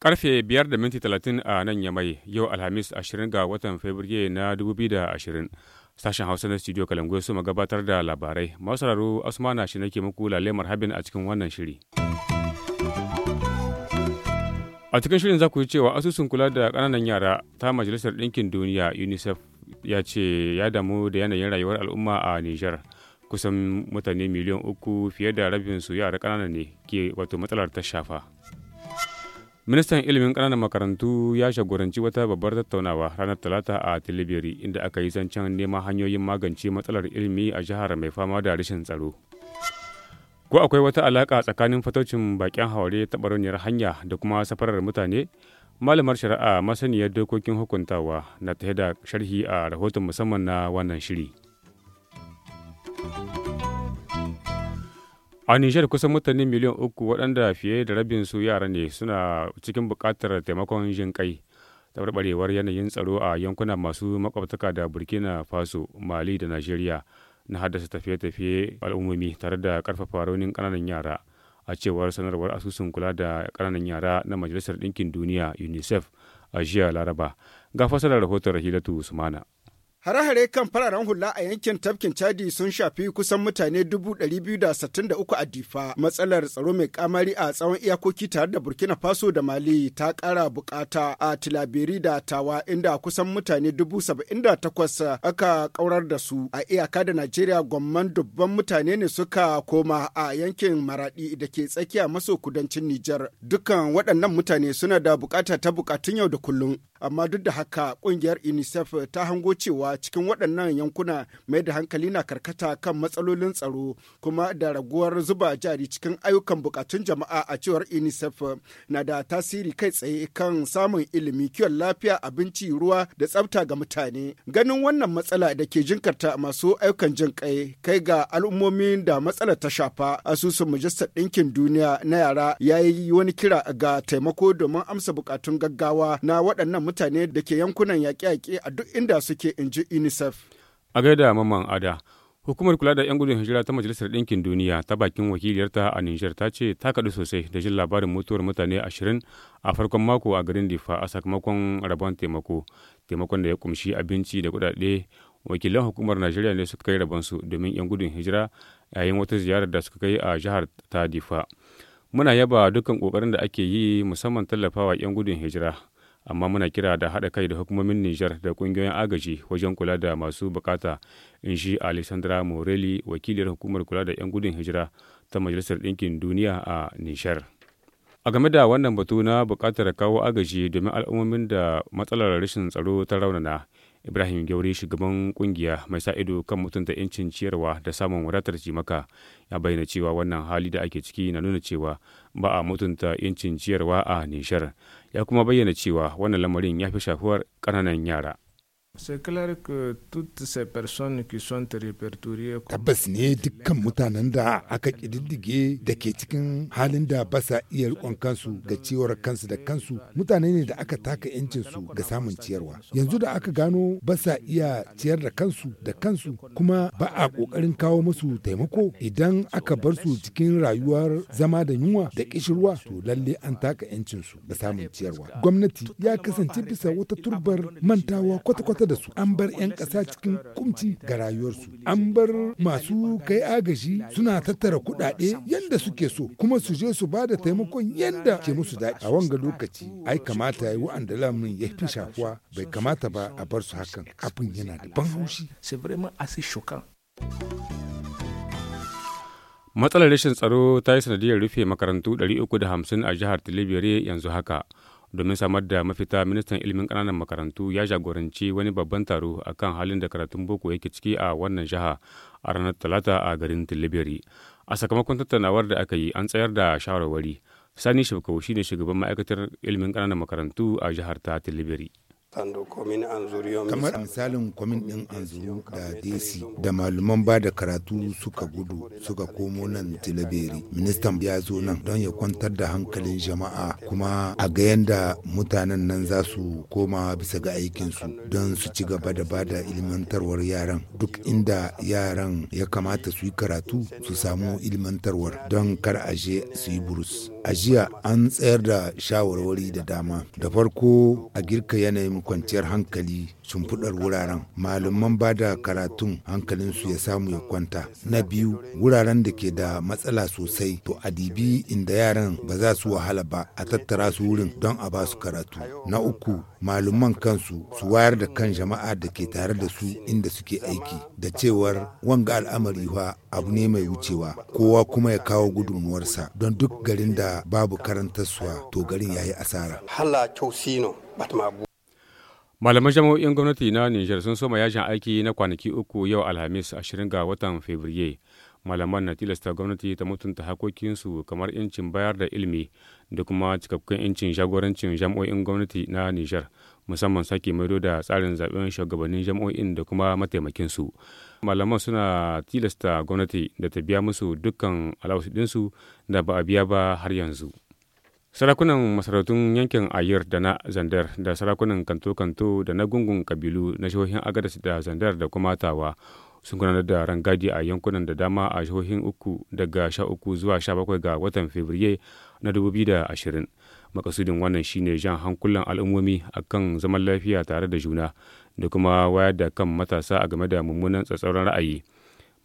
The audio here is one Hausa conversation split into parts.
Karfe biyar da minti talatin a nan Yamai, yau Alhamis 20 ga watan Fabrairu na da ashirin Sashen Hausa na Studio Kalangu su gabatar da labarai. Masu sauraro Asmana shi nake muku lalemar habin a cikin wannan shiri. A cikin shirin za ku yi cewa asusun kula da kananan yara ta Majalisar Ɗinkin Duniya UNICEF ya ce ya damu da yanayin rayuwar al'umma a Nijar. Kusan mutane miliyan uku fiye da rabin su yara ƙanana ne ke wato matsalar ta shafa. Ministan ilimin ƙananan makarantu ya shagoranci wata babbar tattaunawa ranar Talata a Tilibiri inda aka yi zancen neman hanyoyin magance matsalar ilimi a jihar mai fama da rashin tsaro. Ko akwai wata alaƙa tsakanin fatocin bakin haure ta hanya da kuma safarar mutane? Malamar shari'a masaniyar dokokin hukuntawa na ta da sharhi a rahoton musamman na wannan shiri. A Nijar kusan mutane miliyan uku waɗanda fiye da rabin su yara ne suna cikin buƙatar taimakon jin kai. Taɓarɓarewar yanayin tsaro a yankuna masu makwabtaka da Burkina Faso, Mali da Najeriya. na haddasa tafiye-tafiye al'ummomi tare da karfafa raunin ƙananan yara a cewar sanarwar asusun kula da kananan yara na majalisar ɗinkin duniya unicef a jiya laraba ga fasarar rahoton rahilatu usmana Hare-hare kan fararen hula a yankin tafkin Chadi sun shafi kusan mutane 263 a Difa. Matsalar tsaro mai kamari a tsawon iyakoki tare da Burkina Faso da Mali ta ƙara bukata a tilabiri da Tawa inda kusan mutane 78 aka kaurar da su. A iyaka da Najeriya gwamman dubban mutane ne suka koma a yankin Maradi da ke tsakiya maso kudancin Nijar. Dukkan waɗannan mutane suna da bukata ta bukatun yau da kullum. Amma duk da haka ƙungiyar UNICEF ta hango cewa a cikin waɗannan yankuna mai da hankali na karkata kan matsalolin tsaro kuma da raguwar zuba jari cikin ayyukan bukatun jama'a a cewar unicef na da tasiri kai tsaye kan samun ilimi kiwon lafiya abinci ruwa da tsafta ga mutane ganin wannan matsala da ke jinkarta masu ayyukan jin kai kai ga al'ummomin da matsalar ta shafa asusun majistar ɗinkin duniya na yara ya yi wani kira ga taimako domin amsa bukatun gaggawa na waɗannan mutane da ke yankunan yaƙe-yaƙe a duk inda suke in ji unicef a gaida mamman ada hukumar kula da 'yan gudun hijira ta majalisar ɗinkin duniya ta bakin wakiliyarta a niger ta ce ta kaɗu sosai da jin labarin mutuwar mutane ashirin a farkon mako a garin difa a sakamakon rabon taimako taimakon da ya kumshi abinci da kuɗaɗe wakilan hukumar najeriya ne suka kai rabonsu domin 'yan gudun hijira yayin wata ziyarar da suka kai a jihar ta difa muna yaba dukkan kokarin da ake yi musamman tallafawa 'yan gudun hijira amma muna kira da haɗa kai da hukumomin Nijar da ƙungiyoyin agaji wajen kula da masu bukata in shi Alessandra Morelli wakiliyar hukumar kula da 'yan gudun hijira ta Majalisar Ɗinkin Duniya a Nijar. A game da wannan batu na buƙatar kawo agaji domin al'ummomin da matsalar rashin tsaro ta raunana ibrahim gauri shugaban kungiya mai sa ido kan mutunta 'yancin ciyarwa da samun wadatar jimaka ya bayyana cewa wannan hali da ake ciki na nuna cewa ba a mutunta 'yancin ciyarwa a nishar ya kuma bayyana cewa wannan lamarin ya fi shafuwar ƙananan yara C'est clair que toutes ces personnes qui sont répertoriées Tabbas ne dukkan mutanen da aka ƙididdige da ke cikin halin da ba sa iya rikon kansu ga ciwar kansu da kansu mutane ne da aka taka yancin su ga samun ciyarwa. Yanzu da aka gano ba sa iya ciyar da kansu da kansu kuma ba a kokarin kawo musu taimako idan aka bar su cikin rayuwar zama da yunwa da ƙishirwa to lalle an taka yancin su ga samun ciyarwa. Gwamnati ya kasance bisa wata turbar mantawa kwata-kwata kusa da su an bar 'yan ƙasa cikin kumci ga rayuwarsu an bar masu kai agaji suna tattara kuɗaɗe yadda suke so kuma su je su ba da taimakon yadda ke musu daɗi a wanga lokaci ai kamata ya yi wa'anda lamun ya fi shafuwa bai kamata ba a bar su hakan abin yana da ban haushi matsalar rashin tsaro ta yi sanadiyar rufe makarantu 350 a jihar tilibiri yanzu haka domin samar da mafita ministan ilimin ƙananan makarantu ya jagoranci wani babban taro a kan halin da karatun boko yake ciki a wannan jiha a ranar talata a garin tilibiri a sakamakon tattaunawar da aka yi an tsayar da shawarwari sani shafkau ne shugaban ma'aikatar ilimin ƙananan makarantu a jihar ta tilibiri kamar misalin kwamin ɗin anzuru da desi da malaman ba da karatu suka gudu suka komo nan tilaberi ministan ya zo nan don ya kwantar da hankalin jama'a kuma a ga yadda mutanen nan za su koma bisa ga aikinsu don su ci gaba da bada ilmantarwar yaran duk inda yaran ya kamata su yi karatu su samu ilmantarwar don kar aje su yi burus a jiya an tsayar da shawarwari da dama da farko a girka yanayin kwanciyar hankali fudar wuraren malaman ba da karatun hankalinsu ya samu ya kwanta na biyu wuraren da ke da matsala sosai to a dibi inda yaran ba za su wahala ba a tattara su wurin don a ba su karatu na uku malaman kansu su wayar da kan jama'a da ke tare da su inda suke aiki da cewar wanga al'amari fa abu ne mai wucewa kowa kuma ya kawo gudunmuwarsa don duk garin da babu karantarsuwa to garin ya yi asara. Hala Malaman jami'o'in gwamnati na niger sun soma yajin aiki na kwanaki uku yau Alhamis 20 ga watan Fabrairu. Malaman na tilasta gwamnati ta mutunta hakokinsu kamar incin bayar da ilimi da kuma cikakkun incin jagorancin jami'o'in gwamnati na niger musamman sake maido da tsarin zaben shugabannin jami'o'in da kuma mataimakin mataimakinsu. Malaman suna tilasta gwamnati da ta biya musu dukkan alawasudinsu da ba a biya ba har yanzu. Sarakunan masarautun yankin ayir da na Zandar da sarakunan kanto-kanto da na gungun kabilu na jihohin Agadas da Zandar da kuma Tawa sun gudanar da rangadi a yankunan da dama a jihohin uku daga sha uku zuwa sha bakwai ga watan Fabriye na dubu da ashirin. Makasudin wannan shine jan hankulan al'ummomi akan zaman lafiya tare da juna da kuma wayar da kan matasa a game da mummunan tsatsauran ra'ayi.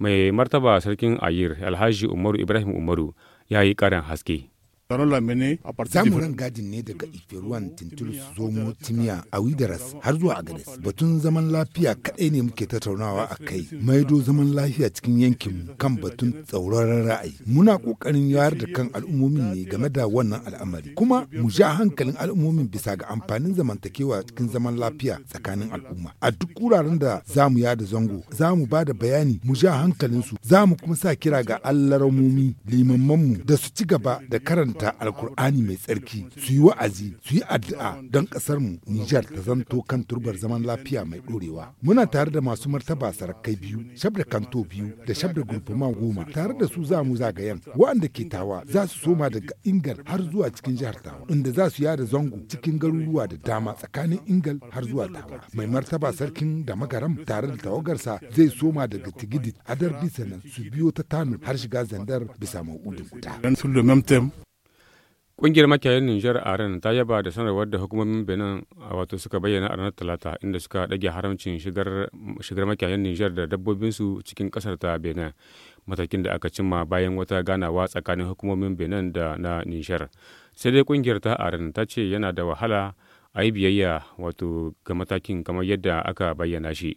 Mai martaba sarkin ayir Alhaji Umaru Ibrahim Umaru ya yi karin haske. taron lamini a partir zamu ran gadin ne daga iferuwan tintul zomo timiya a wideras har zuwa agades batun zaman lafiya kadai ne muke tattaunawa a kai maido zaman lafiya cikin yankinmu kan batun tsauraran ra'ayi muna kokarin yawar da kan al'ummomin ne game da wannan al'amari kuma mu ja hankalin al'ummomin bisa ga amfanin zamantakewa cikin zaman lafiya tsakanin al'umma a duk wuraren da zamu yada zango zamu ba da bayani mu ja hankalinsu zamu kuma sa kira ga allaramomi mu da su ci gaba da karanta karanta alkur'ani mai tsarki su yi wa'azi su yi addu'a don ƙasar mu Nijar ta zanto kan turbar zaman lafiya mai ɗorewa. Muna tare da masu martaba sarakai biyu, shabda kanto biyu da shabda gurfuma goma tare da su za mu zagayen wa'anda ke tawa za su soma daga Ingal har zuwa cikin jihar Tawa inda za su yada zango cikin garuruwa da dama tsakanin Ingal har zuwa Tawa. Mai martaba sarkin da magaram tare da tawagarsa zai soma daga Tigidit adar bisanan su biyo ta tanu har shiga zandar bisa ma'udin guda. Ƙungiyar makiyayin Nijar a ran ta yaba da sanarwar da hukumomin Benin wato suka bayyana a ranar Talata inda suka ɗage haramcin shigar makiyayin Nijar da dabbobinsu cikin ƙasar ta Benin. Matakin da aka cimma bayan wata ganawa tsakanin hukumomin Benin da na Nijar. Sai dai ƙungiyar ta a ta ce yana da wahala a yi biyayya wato ga matakin kamar yadda aka bayyana shi.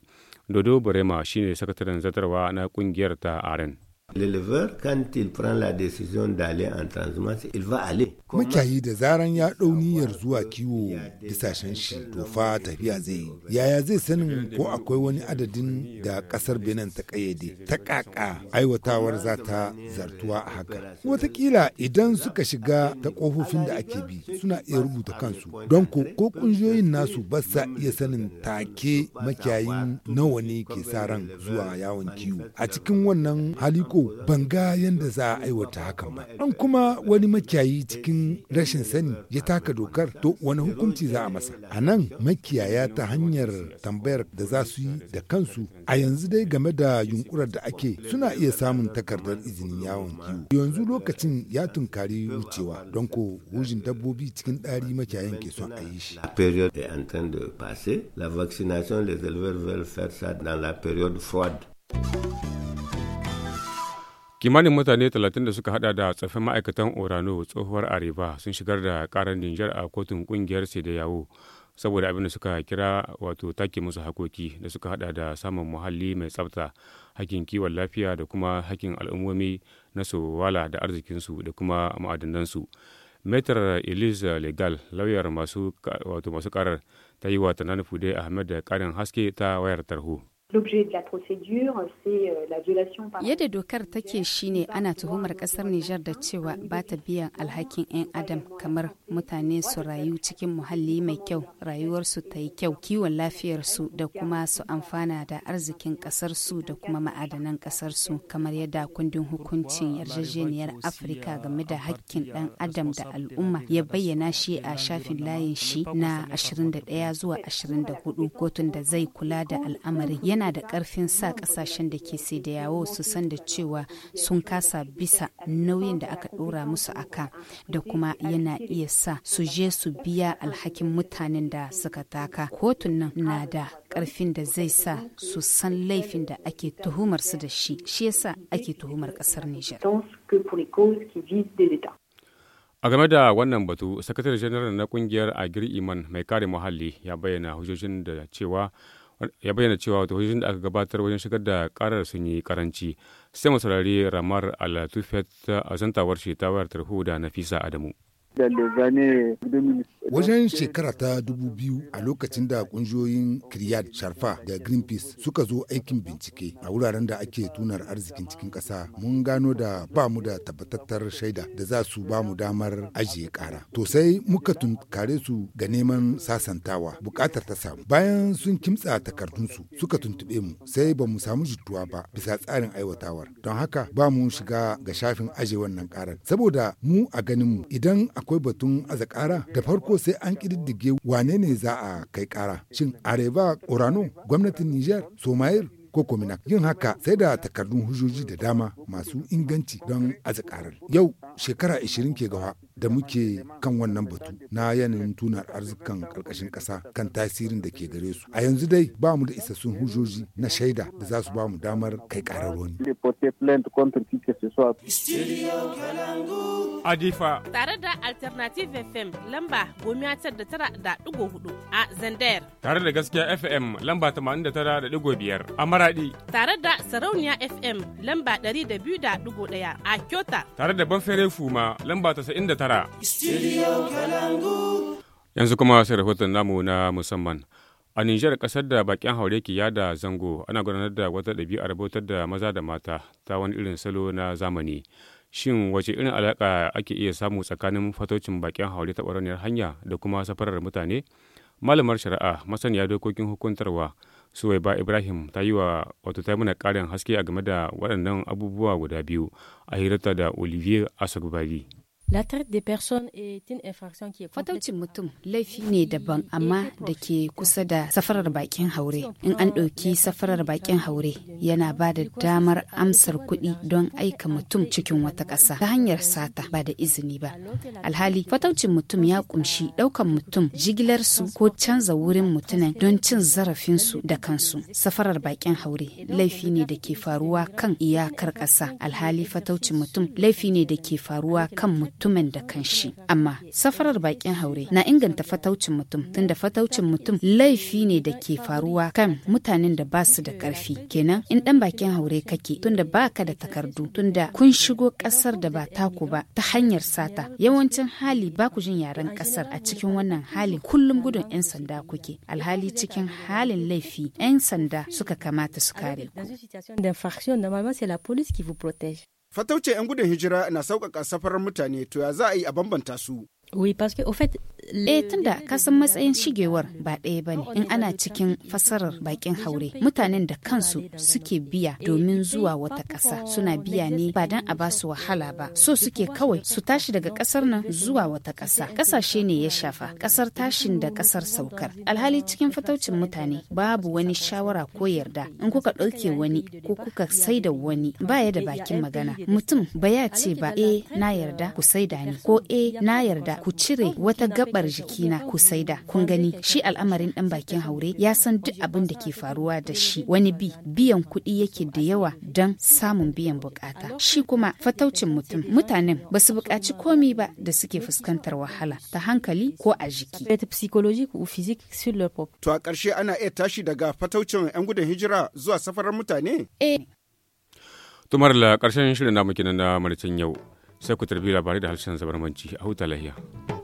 Dodo Burema shine sakataren zatarwa na ƙungiyar ta aren. L'éleveur, quand il prend la décision d'aller en transhumance, il va aller. Makiyayi da zaran ya ɗau niyyar zuwa kiwo bisashen shi to fa tafiya zai yi. Yaya zai sanin ko akwai wani adadin da ƙasar Benin ta ƙayyade? Ta ƙaƙa aiwatawar za ta zartuwa a haka. Wataƙila idan suka shiga ta ƙofofin da ake bi suna iya rubuta kansu. Don ko ko ƙungiyoyin nasu ba sa iya sanin take makiyayin nawa ne ke sa ran zuwa yawon kiwo. A cikin wannan hali ko ko ban ga yadda za a aiwata hakan ba an kuma wani makiyayi cikin rashin sani ya taka dokar to wani hukunci za a masa a nan makiyaya ta hanyar tambayar da za su yi da kansu a yanzu dai game da yunkurar da ake suna iya samun takardar izinin yawon kiwo yanzu lokacin ya tunkari wucewa don ko hujin dabbobi cikin ɗari makiyayan ke son a yi shi La vaccination, éleveurs veulent faire dans la période froide. kimanin mutane 30 da suka hada da tsaffin ma'aikatan orano tsohuwar areba sun shigar da karar nijar a kotun kungiyar da yawo saboda abin da suka kira wato take musu hakoki da suka hada da samun muhalli mai tsafta hakkin kiwon lafiya da kuma hakkin al'ummomi na sowala da arzikinsu da kuma ma'adanansu metar elisa legal lauyar masu wato masu karar ta yi wa tanani fude ahmed da karin haske ta wayar tarho Euh, yadda dokar take shine ana tuhumar kasar Nijar da cewa ba ta biyan alhakin 'yan adam kamar mutane su rayu cikin muhalli mai kyau, rayuwarsu ta yi kyau, kiwon lafiyarsu da kuma su amfana da arzikin kasarsu da kuma ma'adanan kasarsu kamar yadda kundin hukuncin yarjejeniyar Afirka game da hakkin ɗan adam da al'umma ya bayyana shi a shafin layin shi na 21 zuwa 24 kotun da zai kula da al'amarin yana da ƙarfin sa ƙasashen da ke sai da yawo su san da cewa sun kasa bisa nauyin da aka ɗora musu aka da kuma yana iya sa su je su biya alhakin mutanen da suka taka kotun nan na da ƙarfin da zai sa su san laifin da ake tuhumar su da shi shi yasa ake tuhumar ƙasar Nijar. A game da wannan batu, Sakatare Janar na kungiyar Agir Iman mai kare muhalli ya bayyana hujjojin da cewa ya bayyana cewa wata da aka gabatar wajen shigar da karar sun yi karanci sai mu ramar alatufet ta azantawar shi ta wayar tarho da nafisa adamu Wajen shekara ta dubu biyu a lokacin da kungiyoyin Kiryat Sharfa da Greenpeace suka zo aikin bincike a wuraren da ake tunar arzikin cikin ƙasa mun gano da ba mu da tabbatattar shaida da za su ba mu damar ajiye kara. To sai muka tunkare su ga neman sasantawa buƙatar ta samu. Bayan sun kimtsa takardunsu suka tuntuɓe mu sai ba mu samu jituwa ba bisa tsarin aiwatawar. Don haka ba mu shiga ga shafin aje wannan ƙarar. Saboda mu a ganin mu idan a. akwai batun aza da farko sai an ƙididdige wane ne za a kai ƙara shin areva orano gwamnatin niger somayir ko komina yin haka sai da takardun hujjoji da dama masu inganci don aza yau shekara 20 ke gawa da muke kan wannan batu na yanayin tunar arzikan karkashin ƙasa kan tasirin da ke gare su. A yanzu dai ba mu da isassun hujjoji na shaida da za su ba mu damar kai karar wani. Adifa. Tare da Alternative FM lamba gomiya tar da tara da digo hudu a Zandayar. Tare da gaskiya FM lamba tamanin da tara da digo biyar a Maradi. Tare da Sarauniya FM lamba dari da biyu da digo daya a Kyota. Tare da Banfere Fuma lamba tasa'in da tara Yanzu kuma sai rahoton namu na musamman. A Nijar ƙasar da bakin haure ke yada zango ana gudanar da wata ɗabi'a rabotar da maza da mata ta wani irin salo na zamani. Shin wace irin alaƙa ake iya samu tsakanin fatocin bakin haure ta ɓarauniyar hanya da kuma safarar mutane? Malamar shari'a masaniya dokokin hukuntarwa ba Ibrahim ta yi wa wato ta mana ƙarin haske a game da waɗannan abubuwa guda biyu a hirarta da Olivier Asagbari. Fataucin mutum laifi ne daban amma da ke kusa da safarar bakin haure. In an ɗauki safarar bakin haure yana ba da damar amsar kuɗi don aika mutum cikin wata ƙasa ta hanyar sata ba da izini ba. Alhali fataucin mutum ya ƙunshi ɗaukan mutum jigilar su ko canza wurin mutumin don cin zarafinsu da kansu. Safarar bakin haure laifi ne da ke faruwa kan iyakar ƙasa. Alhali fataucin mutum laifi ne da ke faruwa kan mutum. mutumin da kanshi amma safarar bakin haure na inganta fataucin mutum tunda fataucin mutum laifi ne da ke faruwa kan mutanen da ba su da karfi kenan in dan bakin haure kake tunda ba ka da takardu tunda kun shigo kasar da ba taku ba ta hanyar sata yawancin hali ba ku jin yaren kasar a cikin wannan halin kullum gudun 'yan sanda kuke alhali cikin halin laifi 'yan sanda suka kamata su kare ku. Fatauce 'yan gudun hijira na sauƙaƙa safarar mutane to ya za a yi a bambanta su? Eh tunda ka matsayin shigewar ba ɗaya ba ne in ana cikin fasarar bakin haure mutanen da kansu suke biya domin zuwa wata ƙasa suna biya ne ba dan a basu wahala ba so suke kawai su tashi daga ƙasar nan zuwa wata ƙasa ƙasashe ne ya shafa ƙasar tashin da ƙasar saukar alhali cikin fataucin mutane babu wani shawara ko yarda in kuka ɗauke wani ko kuka saida wani baya da bakin magana mutum ba ya ce ba e na yarda ku saida ni ko e na yarda ku cire wata gabar jikina ku saida kun gani shi al'amarin dan bakin haure ya san duk abin da ke faruwa da shi wani bi biyan kuɗi yake da yawa don samun biyan bukata shi kuma fataucin mutum mutanen ba su buƙaci komi ba da suke fuskantar wahala ta hankali ko a jiki to a ƙarshe ana iya tashi daga fataucin 'yan gudun hijira zuwa safarar mutane eh tumar la ƙarshen shirin namu kenan na maricin yau sai ku tarbi labarai da harshen manci a huta lahiya.